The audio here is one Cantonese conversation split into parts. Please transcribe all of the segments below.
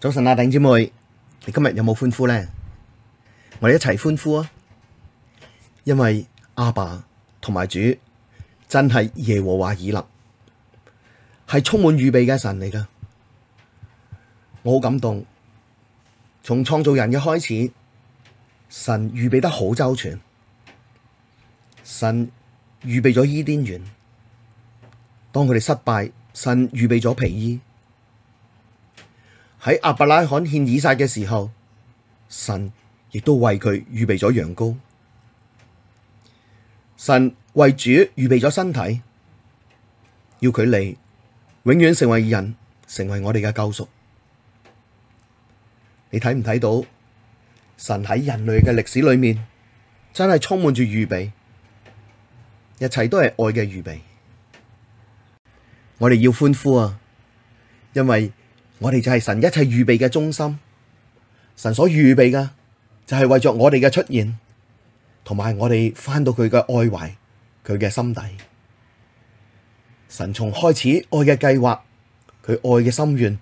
早晨啊，弟兄姊妹，你今日有冇歡呼呢？我哋一齊歡呼啊！因為阿爸同埋主真係耶和華以勒，係充滿預備嘅神嚟噶。我好感動，從創造人嘅開始，神預備得好周全。神預備咗伊甸園，當佢哋失敗，神預備咗皮衣。喺亞伯拉罕獻以撒嘅時候，神亦都為佢預備咗羊羔。神為主預備咗身體，要佢嚟永遠成為人，成為我哋嘅救贖。你睇唔睇到？神喺人類嘅歷史裏面，真係充滿住預備，一切都係愛嘅預備。我哋要歡呼啊！因為我哋就係神一切預備嘅中心，神所預備嘅就係為咗我哋嘅出現，同埋我哋返到佢嘅愛懷，佢嘅心底。神從開始愛嘅計劃，佢愛嘅心願，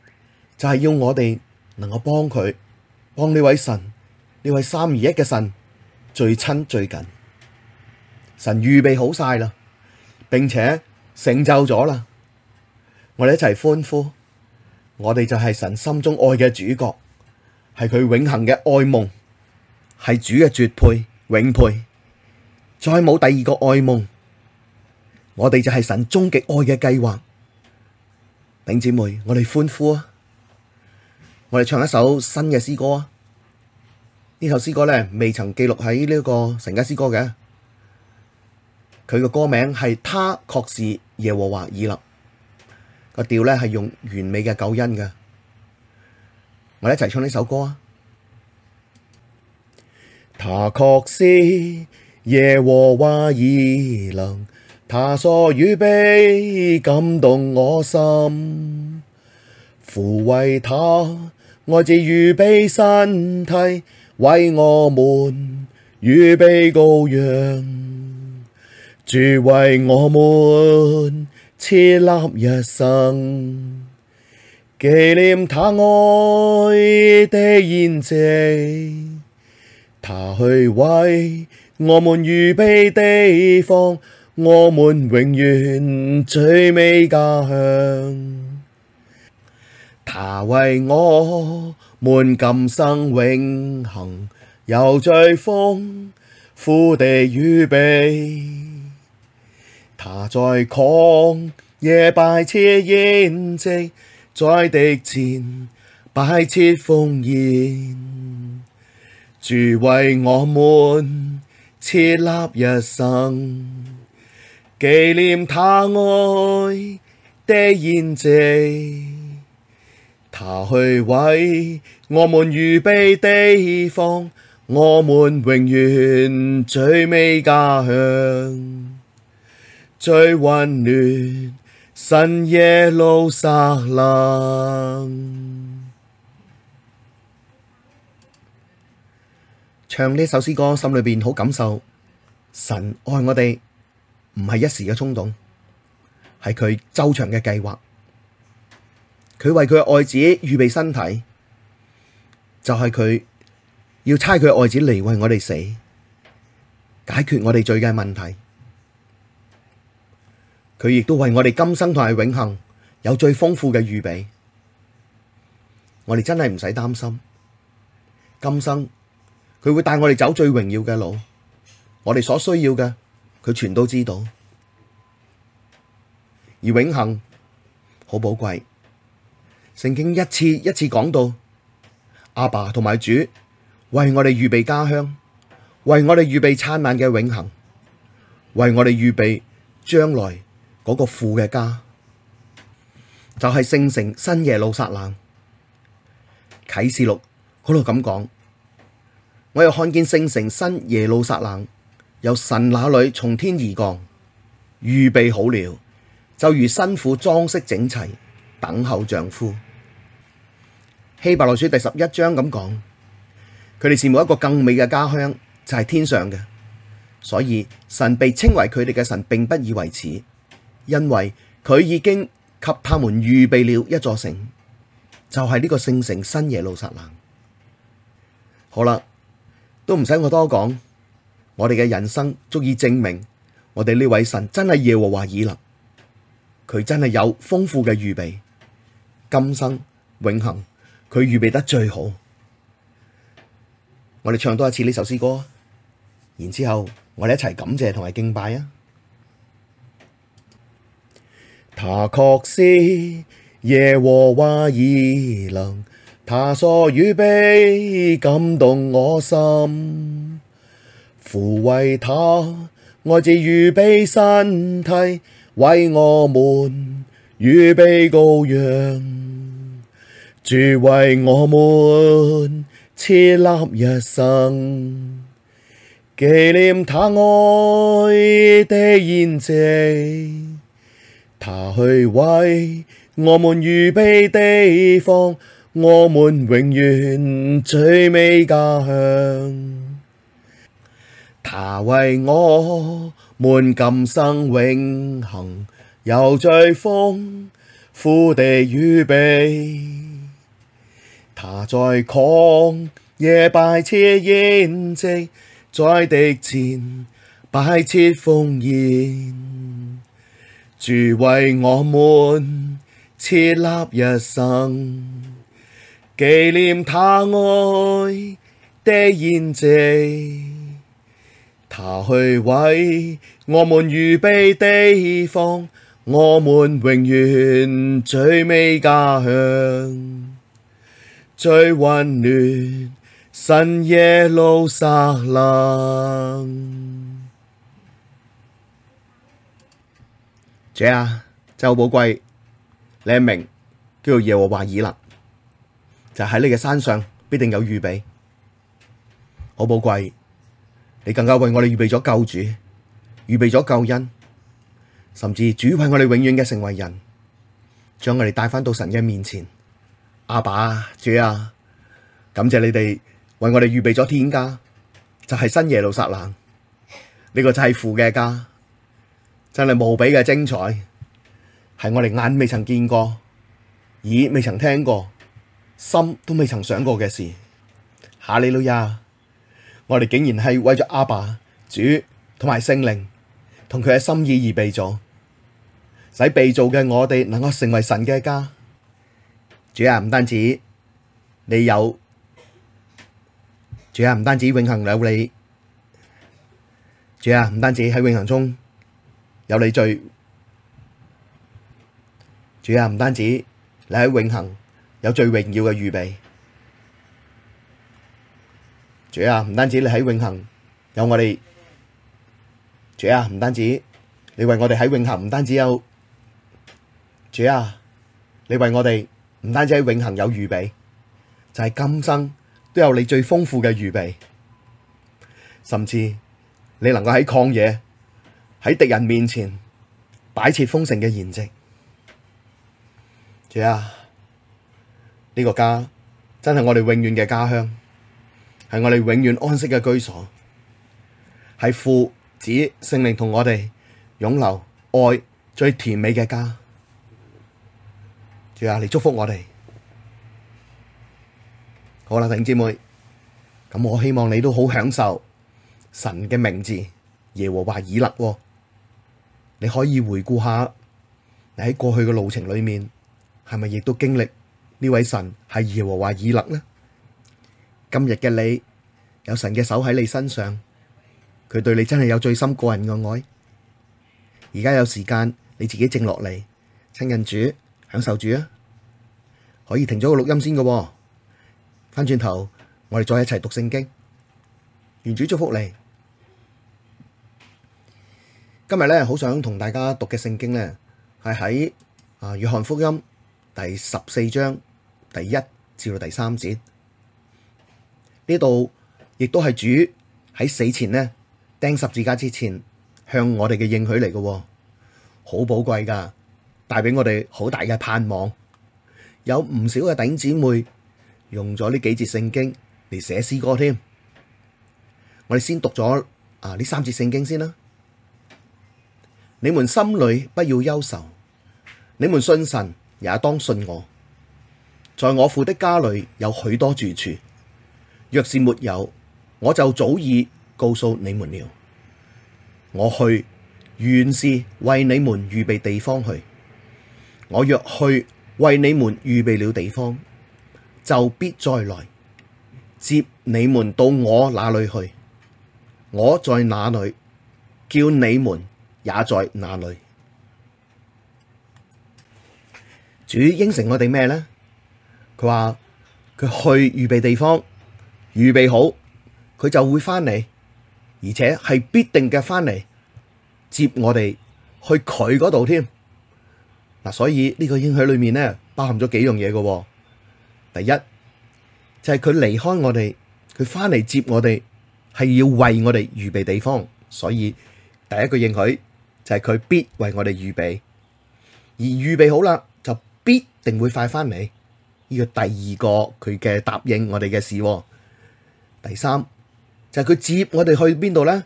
就係、是、要我哋能夠幫佢，幫呢位神，呢位三而一嘅神最親最近。神預備好晒啦，並且成就咗啦，我哋一齊歡呼！我哋就係神心中愛嘅主角，係佢永恒嘅愛夢，係主嘅絕配永配，再冇第二個愛夢。我哋就係神終極愛嘅計劃，丁姐妹，我哋歡呼啊！我哋唱一首新嘅詩歌啊！呢首詩歌咧未曾記錄喺呢個神家詩歌嘅，佢嘅歌名係他確是耶和華以勒。個調咧係用完美嘅救恩嘅，我哋一齊唱呢首歌啊！他確是耶和華以勒，他所預備感動我心，父為他愛子預備身體，為我們預備羔羊，主為我們。設立一生紀念他愛的筵席，他去為我們預備地方，我們永遠最美家鄉。他為我們今生永恒，又再豐富地預備。他在曠野擺設筵席，在敵前擺設豐筵，主為我們設立一生，紀念他愛的筵席，他去為我們預備地方，我們永遠最美家鄉。最溫暖，新耶路撒冷，唱呢首詩歌，心裏邊好感受，神愛我哋唔係一時嘅衝動，係佢周長嘅計劃，佢為佢愛子預備身體，就係、是、佢要差佢愛子嚟為我哋死，解決我哋罪嘅問題。佢亦都為我哋今生同埋永恆有最豐富嘅預備，我哋真係唔使擔心今生，佢會帶我哋走最榮耀嘅路。我哋所需要嘅，佢全都知道。而永恆好寶貴，聖經一次一次講到阿爸同埋主為我哋預備家鄉，為我哋預備燦爛嘅永恆，為我哋預備將來。嗰個父嘅家就係、是、聖城新耶路撒冷。啟示錄嗰度咁講，我又看見聖城新耶路撒冷由神那裏從天而降，預備好了，就如新婦裝飾整齊，等候丈夫。希伯來書第十一章咁講，佢哋羨慕一個更美嘅家鄉就係、是、天上嘅，所以神被稱為佢哋嘅神，並不以為恥。因為佢已經給他們預備了一座城，就係呢個聖城新耶路撒冷。好啦，都唔使我多講，我哋嘅人生足以證明我哋呢位神真係耶和華以勒，佢真係有豐富嘅預備，今生永恒，佢預備得最好。我哋唱多一次呢首詩歌，然之後我哋一齊感謝同埋敬拜啊！他確是耶和華以勒，他所預備感動我心，父為他愛子預備身體，為我們預備羔羊，主為我們設立一生，紀念他愛的筵席。他去為我們預備地方，我們永遠最美家鄉。他為我們今生永恒，又再豐富地預備。他在曠野，擺設筵席，在敵前擺設豐筵。主為我們設立一生，紀念他愛的筵席，他去為我們預備地方，我們永遠最美家鄉，最溫暖新耶路撒冷。主啊，周寶貴，你一名，叫做耶和華以勒，就喺你嘅山上必定有預備，好寶貴，你更加為我哋預備咗救主，預備咗救恩，甚至主為我哋永遠嘅成為人，將我哋帶翻到神嘅面前。阿爸，主啊，感謝你哋為我哋預備咗天家，就係新耶路撒冷，呢個就係父嘅家。真係無比嘅精彩，係我哋眼未曾見過、耳未曾聽過、心都未曾想過嘅事。哈利路亞！我哋竟然係為咗阿爸、主同埋聖靈同佢嘅心意而被造，使被造嘅我哋能夠成為神嘅一家。主啊，唔單止你有，主啊，唔單止永恆有你，主啊，唔單止喺永恆中。有你最，主啊，唔單止你喺永恒有最榮耀嘅預備，主啊，唔單止你喺永恒有我哋，主啊，唔單止你為我哋喺永恒，唔單止有，主啊，你為我哋唔單止喺永恒有預備，就係今生都有你最豐富嘅預備，甚至你能夠喺曠野。喺敵人面前擺設豐盛嘅筵席，主啊，呢、這個家真係我哋永遠嘅家鄉，係我哋永遠安息嘅居所，係父子聖靈同我哋擁留愛最甜美嘅家。主啊，嚟祝福我哋。好啦、啊，弟兄姊妹，咁我希望你都好享受神嘅名字耶和華以勒。你可以回顧下，你喺過去嘅路程裏面，係咪亦都經歷呢位神係耶和華以勒呢？今日嘅你有神嘅手喺你身上，佢對你真係有最深個人嘅愛。而家有時間，你自己靜落嚟親近主，享受主啊！可以停咗個錄音先嘅，翻轉頭我哋再一齊讀聖經。願主祝福你。今日咧，好想同大家讀嘅聖經咧，係喺啊約翰福音第十四章第一至到第三節，呢度亦都係主喺死前呢釘十字架之前向我哋嘅應許嚟嘅，好寶貴噶，帶俾我哋好大嘅盼望。有唔少嘅弟兄姊妹用咗呢幾節聖經嚟寫詩歌添。我哋先讀咗啊呢三節聖經先啦。你們心裡不要憂愁，你們信神也當信我。在我父的家裡有許多住處，若是沒有，我就早已告訴你們了。我去，原是為你們預備地方去。我若去，為你們預備了地方，就必再來，接你們到我那裡去。我在哪裡，叫你們也在那裏，主應承我哋咩呢？佢話佢去預備地方，預備好，佢就會翻嚟，而且係必定嘅，翻嚟接我哋去佢嗰度添。嗱，所以呢個應許裏面呢，包含咗幾樣嘢嘅。第一就係佢離開我哋，佢翻嚟接我哋，係要為我哋預備地方。所以第一個應許。就係佢必為我哋預備，而預備好啦，就必定會快翻嚟。呢、這個第二個佢嘅答應我哋嘅事、哦。第三就係、是、佢接我哋去邊度咧？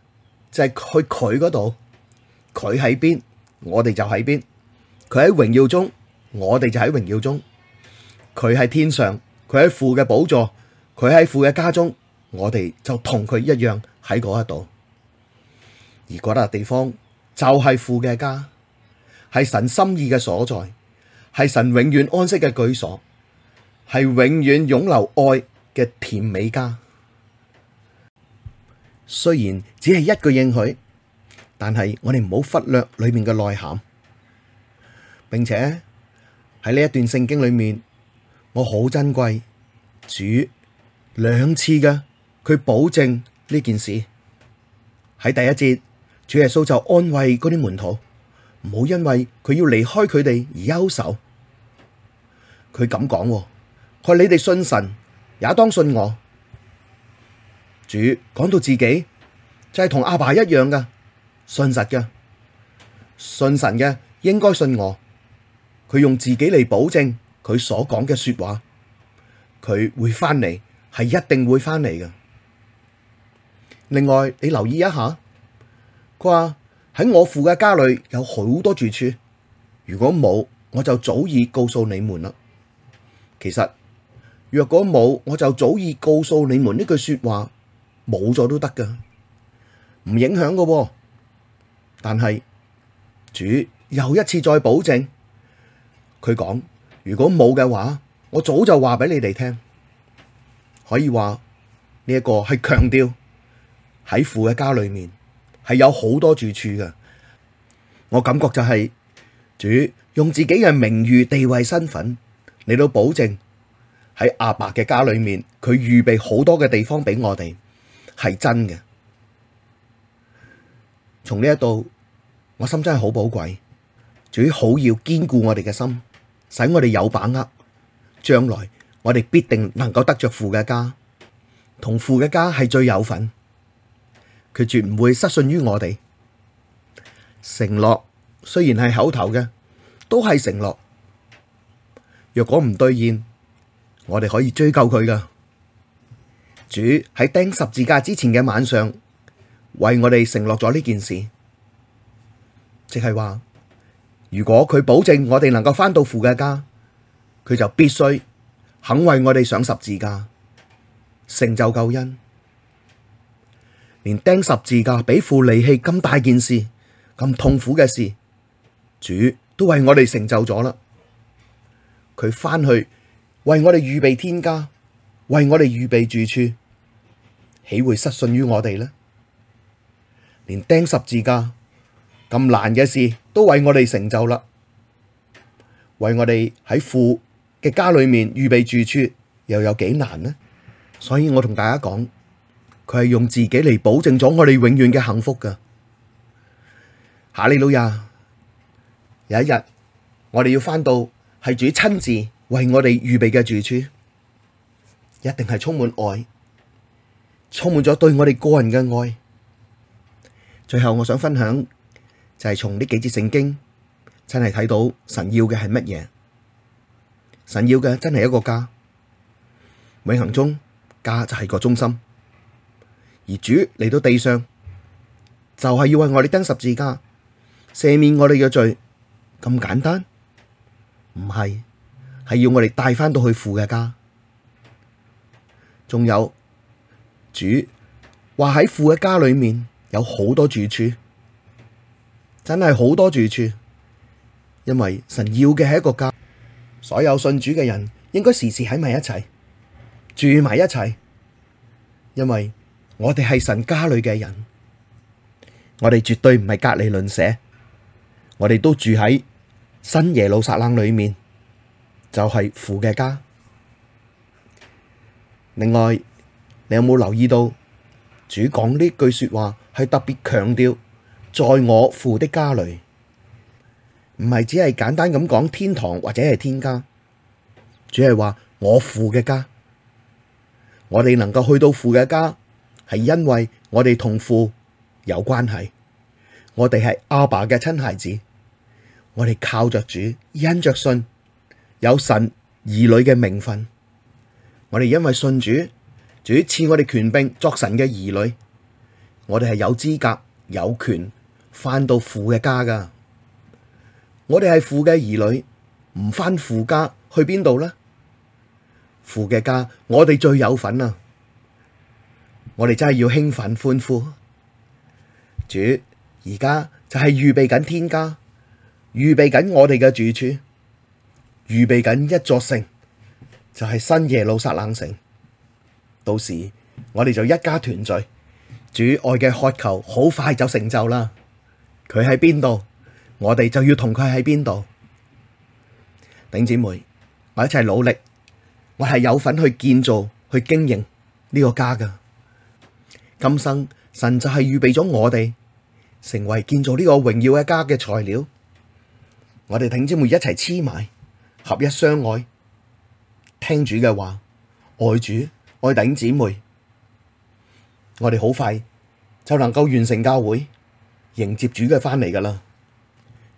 就係、是、去佢嗰度。佢喺邊，我哋就喺邊。佢喺榮耀中，我哋就喺榮耀中。佢喺天上，佢喺父嘅寶座，佢喺父嘅家中，我哋就同佢一樣喺嗰一度。而嗰笪地方。就係父嘅家，係神心意嘅所在，係神永遠安息嘅居所，係永遠湧流愛嘅甜美家。雖然只係一句應許，但係我哋唔好忽略裏面嘅內涵，並且喺呢一段聖經裏面，我好珍貴，主兩次嘅佢保證呢件事喺第一節。主耶穌就安慰嗰啲門徒，唔好因為佢要離開佢哋而憂愁。佢咁講，佢你哋信神也當信我。主講到自己就係同阿爸一樣噶，信實噶，信神嘅應該信我。佢用自己嚟保證佢所講嘅說話，佢會翻嚟，係一定會翻嚟噶。另外，你留意一下。佢話喺我父嘅家裏有好多住處，如果冇，我就早已告訴你們啦。其實若果冇，我就早已告訴你們呢句說話冇咗都得㗎，唔影響嘅。但係主又一次再保證，佢講如果冇嘅話，我早就話俾你哋聽，可以話呢一個係強調喺父嘅家裏面，係有好多住處噶，我感覺就係，主用自己嘅名譽、地位、身份嚟到保證喺阿爸嘅家裏面，佢預備好多嘅地方畀我哋，係真嘅。從呢一度，我心真係好寶貴，主好要堅固我哋嘅心，使我哋有把握將來，我哋必定能夠得着父嘅家，同父嘅家係最有份。佢絕唔會失信於我哋。承諾雖然係口頭嘅，都係承諾。若果唔兌現，我哋可以追究佢㗎。主喺釘十字架之前嘅晚上，為我哋承諾咗呢件事，即係話，如果佢保證我哋能夠翻到父嘅家，佢就必須肯為我哋上十字架，成就救恩。連釘十字架、俾父離棄咁大件事、咁痛苦嘅事，主都為我哋成就咗啦。佢翻去為我哋預備天家，為我哋預備住處，豈會失信於我哋呢？連釘十字架咁難嘅事，都為我哋成就啦。為我哋喺父嘅家裏面預備住處，又有幾難呢？所以我同大家講。佢係用自己嚟保證咗我哋永遠嘅幸福噶。哈利路亞，有一日我哋要翻到係主親自為我哋預備嘅住處，一定係充滿愛，充滿咗對我哋個人嘅愛。最後我想分享就係從呢幾節聖經真係睇到神要嘅係乜嘢？神要嘅真係一個家，永恒中家就係個中心。而主嚟到地上，就係、是、要為我哋釘十字架、赦免我哋嘅罪，咁簡單？唔係，係要我哋帶翻到去父嘅家。仲有，主話喺父嘅家裏面有好多住處，真係好多住處。因為神要嘅係一個家，所有信主嘅人應該時時喺埋一齊，住埋一齊，因為，我哋係神家裏嘅人，我哋絕對唔係隔離鄰舍，我哋都住喺新耶路撒冷裏面，就係父嘅家。另外，你有冇留意到主講呢句說話係特別強調在我父的家裡，唔係只係簡單咁講天堂或者係天家，主係話我父嘅家，我哋能夠去到父嘅家。係因為我哋同父有關係，我哋係阿爸嘅親孩子，我哋靠着主，因着信，有神兒女嘅名分。我哋因為信主，主賜我哋權柄作神嘅兒女，我哋係有資格、有權翻到父嘅家噶。我哋係父嘅兒女，唔翻父家去邊度呢？父嘅家，我哋最有份啊！我哋真係要興奮歡呼，主而家就係預備緊天家，預備緊我哋嘅住處，預備緊一座城，就係新耶路撒冷城。到時我哋就一家團聚，主愛嘅渴求好快就成就啦。佢喺邊度，我哋就要同佢喺邊度。頂姐妹，我一齊努力，我係有份去建造、去經營呢個家噶。今生神就係預備咗我哋成為建造呢個榮耀嘅家嘅材料，我哋挺姊妹一齊黐埋，合一相愛，聽主嘅話，愛主愛頂姊妹，我哋好快就能夠完成教會，迎接主嘅翻嚟㗎喇。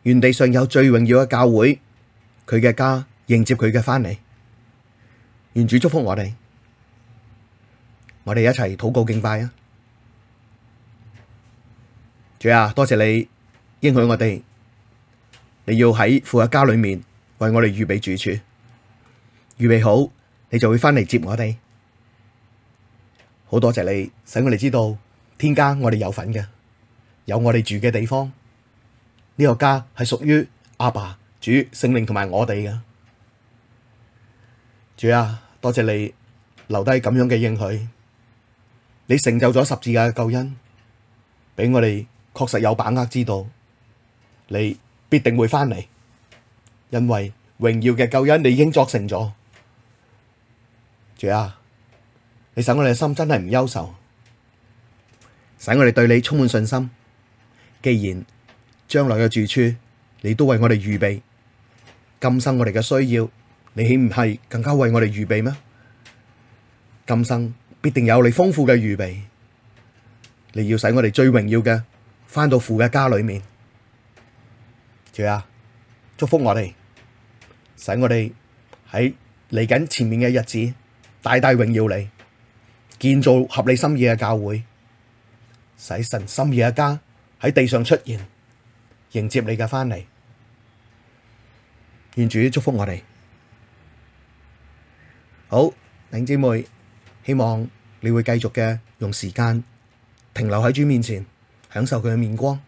願地上有最榮耀嘅教會，佢嘅家迎接佢嘅翻嚟，願主祝福我哋，我哋一齊禱告敬拜啊！主啊，多謝你應許我哋，你要喺父嘅家裏面為我哋預備住處，預備好，你就會翻嚟接我哋。好多謝你，使我哋知道天家我哋有份嘅，有我哋住嘅地方。呢、這個家係屬於阿爸、主、聖靈同埋我哋嘅。主啊，多謝你留低咁樣嘅應許，你成就咗十字架嘅救恩，俾我哋。確實有把握知道你必定會翻嚟，因為榮耀嘅救恩你已經作成咗。主啊，你使我哋嘅心真係唔憂愁，使我哋對你充滿信心。既然將來嘅住處你都為我哋預備，今生我哋嘅需要你豈唔係更加為我哋預備咩？今生必定有你豐富嘅預備，你要使我哋最榮耀嘅。翻到父嘅家裏面，主啊，祝福我哋，使我哋喺嚟緊前面嘅日子大大榮耀你，建造合理心意嘅教會，使神心意嘅家喺地上出現，迎接你嘅翻嚟，願主祝福我哋。好，弟兄姐妹，希望你會繼續嘅用時間停留喺主面前，享受佢嘅面光。